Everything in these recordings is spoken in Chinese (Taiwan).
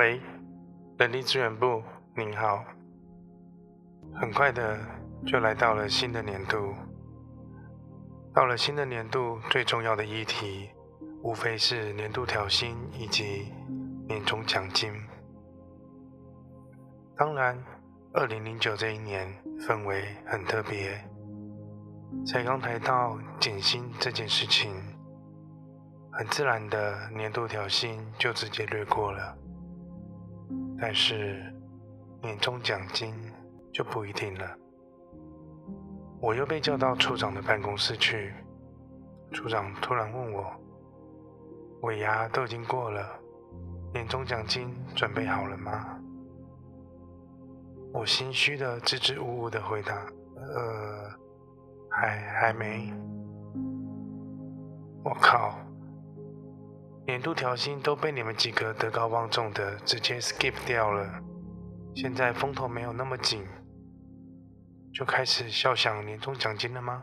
喂，人力資源部，您好。很快的就來到了新的年度，到了新的年度最重要的議題，無非是年度調薪以及年終獎金。當然，二零零九這一年氛圍很特別，才剛談到減薪這件事情，很自然的年度調薪就直接略過了。但是，年終獎金就不一定了。我又被叫到處長的辦公室去，處長突然問我：“尾牙都已經過了，年終獎金準備好了嗎？”我心虛的支支吾吾的回答：“呃，還還沒。”我靠！年度調薪都被你們幾個德高望重的直接 skip 掉了，現在風頭沒有那麼緊，就開始笑想年終獎金了嗎？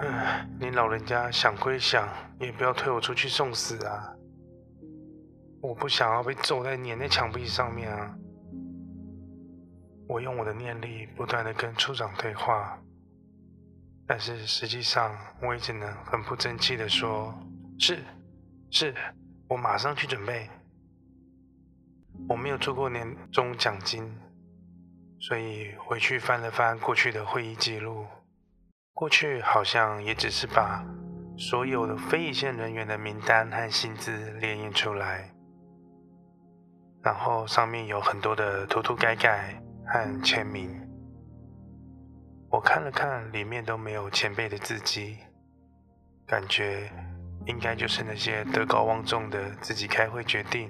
唉，您老人家想歸想，也不要推我出去送死啊！我不想要被揍在黏在牆壁上面啊！我用我的念力不斷的跟處長對話。但是實際上，我也只能很不爭氣的說：“是，是，我馬上去準備。”我沒有做過年終獎金，所以回去翻了翻過去的會議記錄，過去好像也只是把所有的非一線人員的名單和薪資列印出來，然後上面有很多的塗塗改改和簽名。我看了看，裡面都沒有前輩的字跡，感覺應該就是那些德高望重的自己開會決定，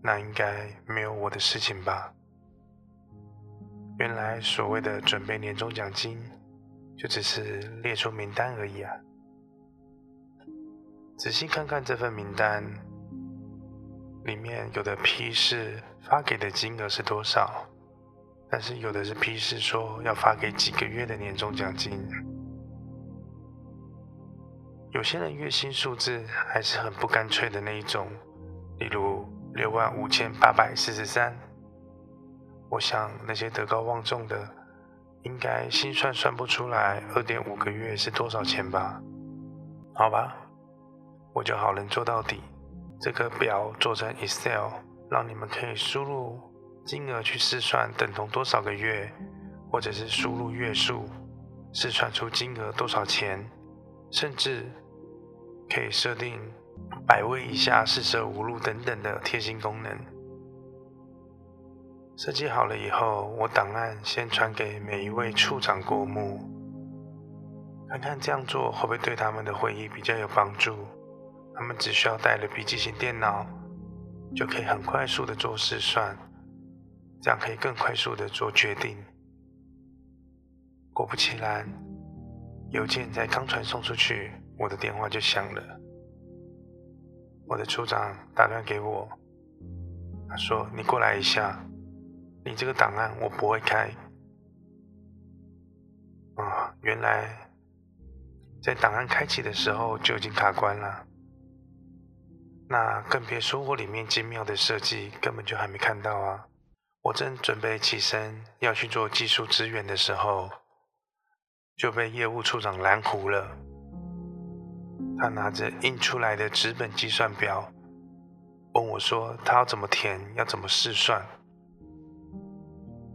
那應該沒有我的事情吧？原來所謂的準備年終獎金，就只是列出名單而已啊！仔細看看這份名單，裡面有的批示發給的金額是多少，但是有的是批示說要發給幾個月的年終獎金，有些人月薪數字還是很不乾脆的那一種，例如六萬五千八百四十三。我想那些德高望重的，應該心算算不出來二點五個月是多少錢吧？好吧，我就好人做到底，這個表做成 Excel，讓你們可以輸入。金額去試算等同多少個月，或者是輸入月數，試算出金額多少錢，甚至可以設定百位以下四捨五入等等的貼心功能。設計好了以後，我檔案先傳給每一位處長過目，看看這樣做會不會對他們的會議比較有幫助。他們只需要帶了筆記型電腦，就可以很快速的做試算。這樣可以更快速的做決定。果不其然，郵件才剛傳送出去，我的電話就響了。我的處長打電話給我，他說：“你過來一下，你這個檔案我不會開。”哦，啊，原來在檔案開啟的時候就已經卡關了，那更別說我裡面精妙的設計根本就還沒看到啊！我正準備起身要去做技術支援的時候，就被業務處長攔胡了。他拿着印出來的紙本計算表，問我說：“他要怎麼填，要怎麼試算？”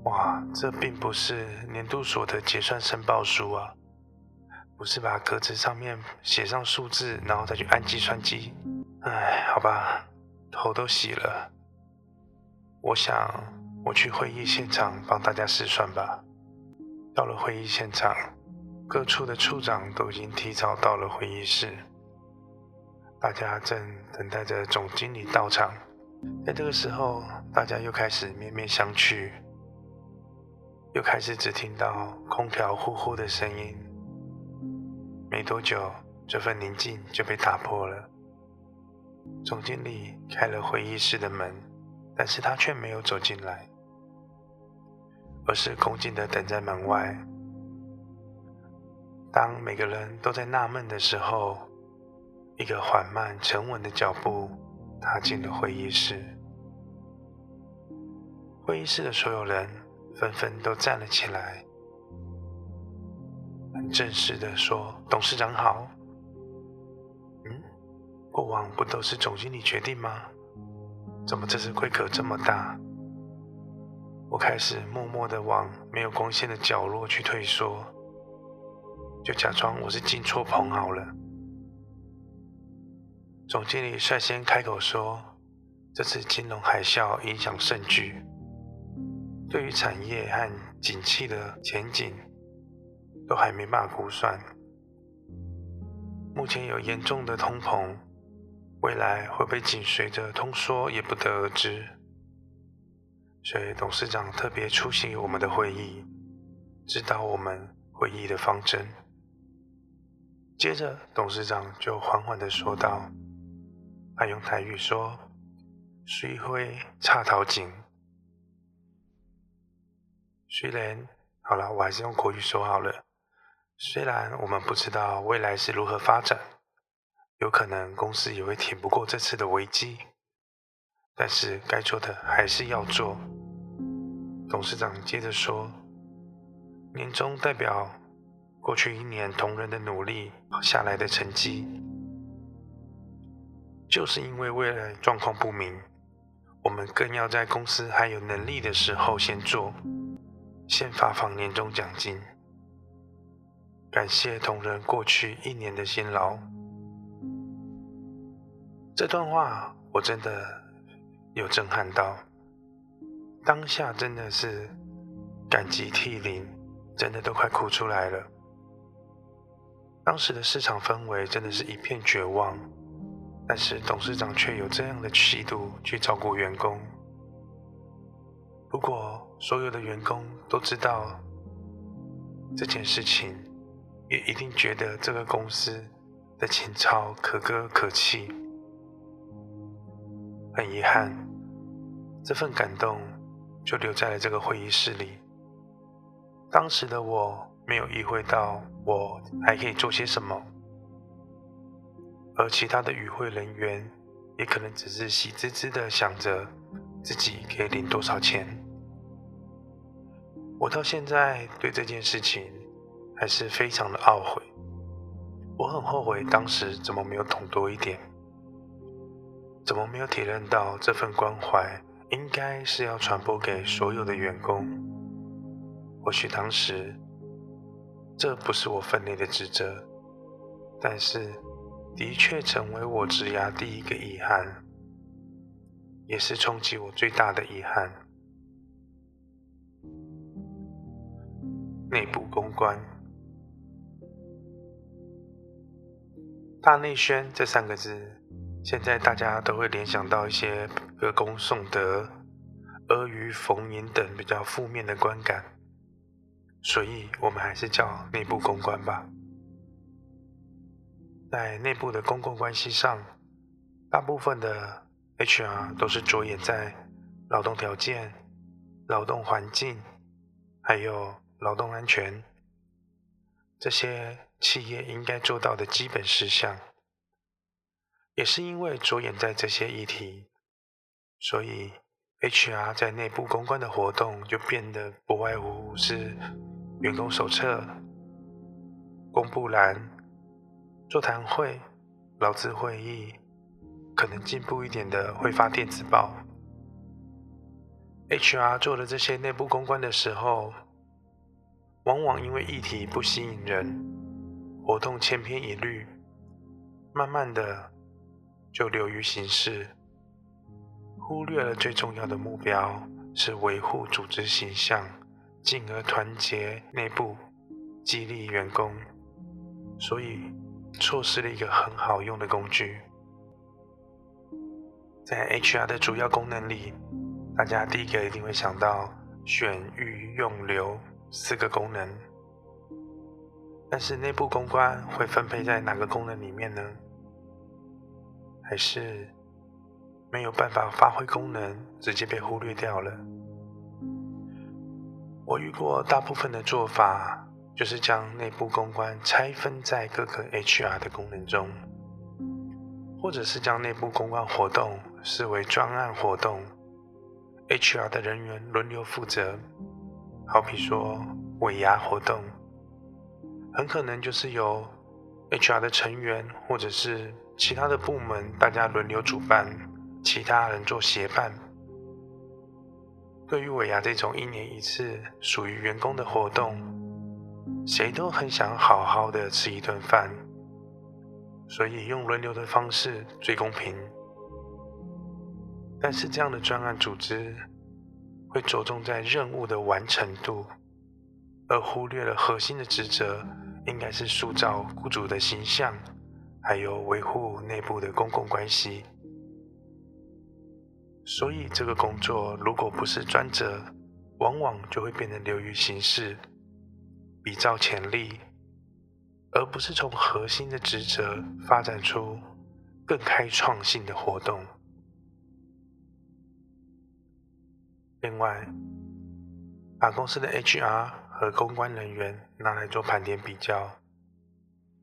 哇，這並不是年度所得結算申報書啊！不是把格子上面寫上數字，然後再去按計算機？唉，好吧，頭都洗了，我想。我去會議現場幫大家試算吧。到了會議現場，各處的處長都已經提早到了會議室，大家正等待着總經理到場。在這個時候，大家又開始面面相覷，又開始只聽到空調呼呼的聲音。沒多久，這份寧靜就被打破了。總經理開了會議室的門，但是他卻沒有走進來。而是恭敬的等在門外。當每個人都在納悶的時候，一個緩慢、沉穩的腳步踏進了會議室。會議室的所有人紛紛都站了起來，很正式的說：“董事長好。”嗯，過往不都是總經理決定嗎？怎麼這次規格這麼大？我開始默默地往沒有光線的角落去退縮，就假裝我是進錯棚好了。總經理率先開口說：“這次金融海嘯影響甚巨，對於產業和景氣的前景都還沒辦法估算。目前有嚴重的通膨，未來會不會緊隨着通縮也不得而知。”所以董事長特別出席我們的會議，指導我們會議的方針。接着董事長就緩緩的說道，他用台語說，雖會差桃井，雖然好了，我還是用國語說好了。雖然我們不知道未來是如何發展，有可能公司也會挺不過這次的危機，但是該做的還是要做。董事長接着說：“年終代表過去一年同仁的努力下來的成績，就是因為未來狀況不明，我們更要在公司還有能力的時候先做，先發放年終獎金，感謝同仁過去一年的辛勞。”這段話我真的有震撼到。當下真的是感激涕零，真的都快哭出來了。當時的市場氛圍真的是一片絕望，但是董事長卻有這樣的氣度去照顧員工。如果所有的員工都知道這件事情，也一定覺得這個公司的情操可歌可泣。很遺憾，這份感動。就留在了這個會議室裡。當時的我沒有意會到，我還可以做些什麼，而其他的與會人員也可能只是喜滋滋的想着自己可以領多少錢。我到現在對這件事情還是非常的懊悔，我很後悔當時怎麼沒有懂多一點，怎麼沒有體諒到這份關懷。應該是要傳播給所有的員工。或許當時這不是我分內的職責，但是的確成為我職涯第一個遺憾，也是衝擊我最大的遺憾。內部公關、大內宣這三個字。現在大家都會聯想到一些歌功頌德、阿諛逢迎等比較負面的觀感，所以我們還是叫內部公關吧。在內部的公共關係上，大部分的 HR 都是着眼在勞動條件、勞動環境，還有勞動安全。這些企業應該做到的基本事項。也是因為着眼在這些議題，所以 HR 在內部公關的活動就變得不外乎是員工手冊、公布欄、座談會、勞資會議，可能進步一點的會發電子報。HR 做的這些內部公關的時候，往往因為議題不吸引人，活動千篇一律，慢慢的。就流於形式，忽略了最重要的目標是維護組織形象，進而團結內部、激勵員工，所以錯失了一個很好用的工具。在 HR 的主要功能裡，大家第一個一定會想到選、育、用、留四個功能，但是內部公關會分配在哪個功能裡面呢？還是沒有辦法發揮功能，直接被忽略掉了。我遇過大部分的做法，就是將內部公關拆分在各個 HR 的功能中，或者是將內部公關活動視為專案活動，HR 的人員輪流負責。好比說，尾牙活動，很可能就是由 HR 的成員或者是。其他的部門大家輪流主辦，其他人做協辦。對於尾牙這種一年一次屬於員工的活動，誰都很想好好的吃一頓飯，所以用輪流的方式最公平。但是這樣的專案組織會着重在任務的完成度，而忽略了核心的職責，應該是塑造雇主的形象。還有維護內部的公共關係，所以這個工作如果不是專責，往往就會變得流於形式、比照潛力，而不是從核心的職責發展出更開創性的活動。另外，把公司的 HR 和公關人員拿來做盤點比較。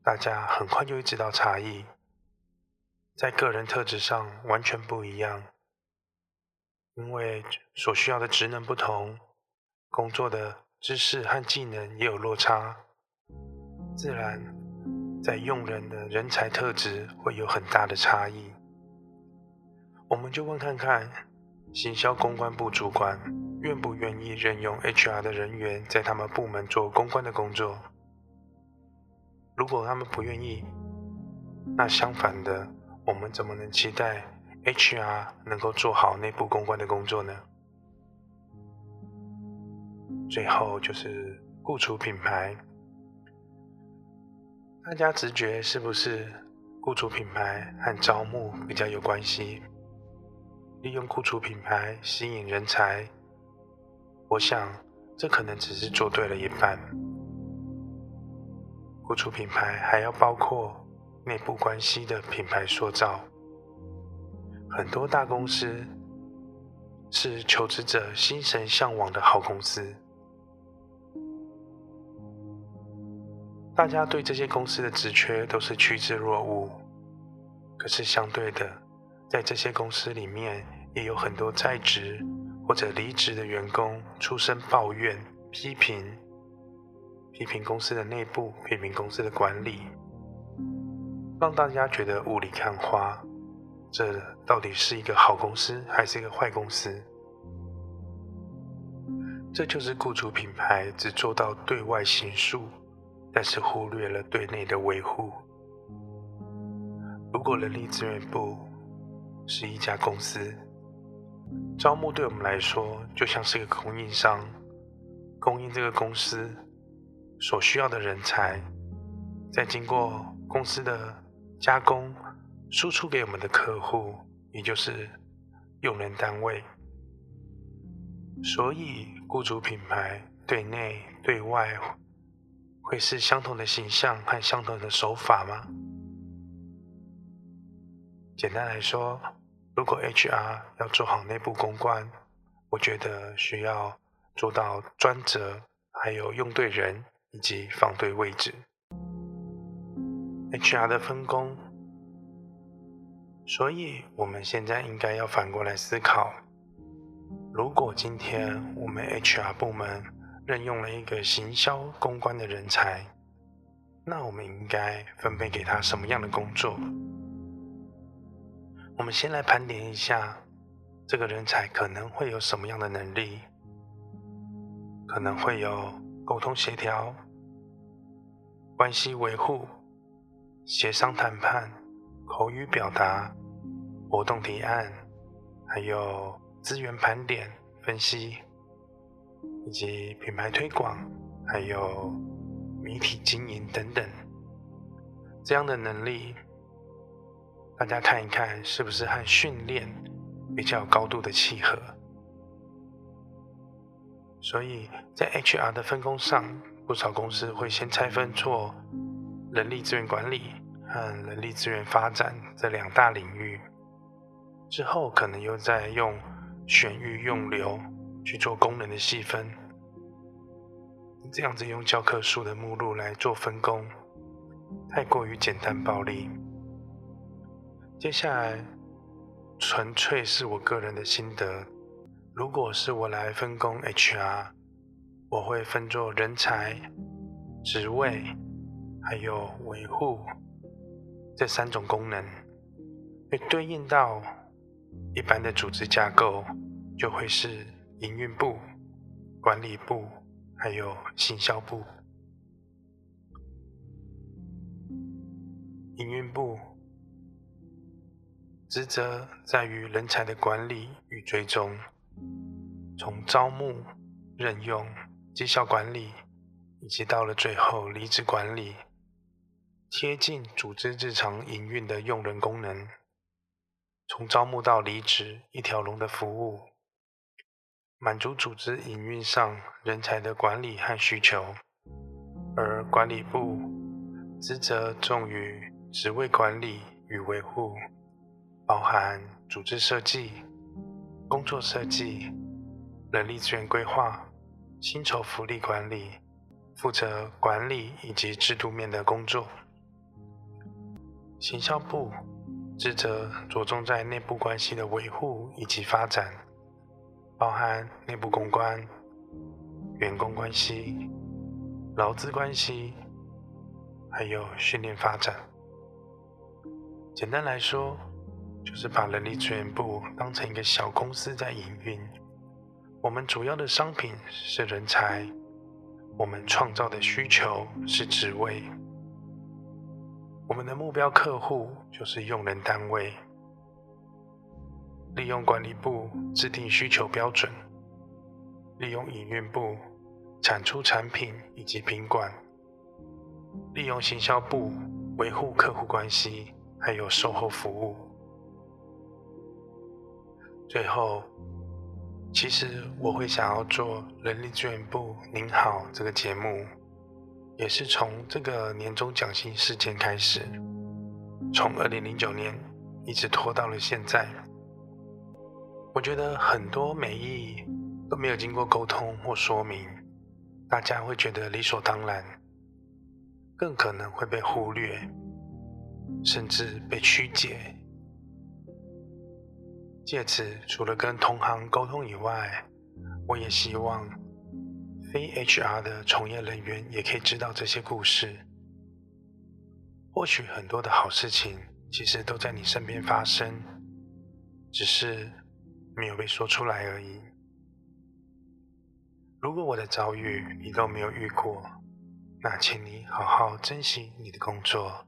大家很快就會知道差異，在個人特質上完全不一樣，因為所需要的職能不同，工作的知識和技能也有落差，自然在用人的人才特質會有很大的差異。我們就問看看，行銷公關部主管願不願意任用 HR 的人員在他們部門做公關的工作？如果他們不願意，那相反的，我們怎麼能期待 HR 能夠做好內部公關的工作呢？最後就是雇主品牌，大家直覺是不是雇主品牌和招募比較有關係？利用雇主品牌吸引人才，我想這可能只是做對了一半。雇主品牌，還要包括內部關係的品牌塑造。很多大公司是求職者心神向往的好公司，大家對這些公司的職缺都是趨之若鶩。可是相對的，在這些公司裡面，也有很多在職或者離職的員工出聲抱怨、批評。批評公司的內部，批評公司的管理，讓大家覺得霧裡看花。這到底是一個好公司還是一個壞公司？這就是雇主品牌只做到對外形塑，但是忽略了對內的維護。如果人力資源部是一家公司，招募對我們來說就像是一個供應商，供應這個公司。所需要的人才，再經過公司的加工，輸出給我們的客戶，也就是用人單位。所以，僱主品牌對內對外會是相同的形象和相同的手法嗎？簡單來說，如果 HR 要做好內部公關，我覺得需要做到專責，還有用對人。以及放對位置，HR 的分工。所以，我們現在應該要反過來思考：如果今天我們 HR 部門任用了一個行銷公關的人才，那我們應該分配給他什麼樣的工作？我們先來盤點一下，這個人才可能會有什麼樣的能力？可能會有溝通協調。關係維護、協商談判、口語表達、活動提案，還有資源盤點分析，以及品牌推廣，還有媒體經營等等，這樣的能力，大家看一看是不是和訓練比較高度的契合？所以在 HR 的分工上，不少公司會先拆分做人力資源管理和人力資源發展這兩大領域，之後可能又再用選育用留去做功能的細分。這樣子用教科書的目錄來做分工，太過於簡單暴力。接下來，純粹是我個人的心得，如果是我來分工 HR。我會分作人才、職位，還有維護這三種功能，會對應到一般的組織架構，就會是營運部、管理部，還有行銷部。營運部職責在於人才的管理與追蹤，從招募、任用。績效管理，以及到了最後離職管理，貼近組織日常營運的用人功能，從招募到離職一條龍的服務，滿足組織營運上人才的管理和需求。而管理部職責重於職位管理與維護，包含組織設計、工作設計、人力資源規劃。薪酬福利管理負責管理以及制度面的工作，行銷部職責着重在內部關係的維護以及發展，包含內部公關、員工關係、勞資關係，還有訓練發展。簡單來說，就是把人力資源部當成一個小公司在營運。我們主要的商品是人才，我們創造的需求是職位，我們的目標客戶就是用人單位。利用管理部制定需求標準，利用營運部產出產品以及品管，利用行銷部維護客戶關係，還有售後服務。最後。其實我會想要做人力資源部“您好”這個節目，也是從這個年終獎薪事件開始，從二零零九年一直拖到了現在。我覺得很多美意都沒有經過溝通或說明，大家會覺得理所當然，更可能會被忽略，甚至被曲解。借此，除了跟同行溝通以外，我也希望非 HR 的從業人員也可以知道這些故事。或許很多的好事情其實都在你身邊發生，只是沒有被說出來而已。如果我的遭遇你都沒有遇過，那請你好好珍惜你的工作。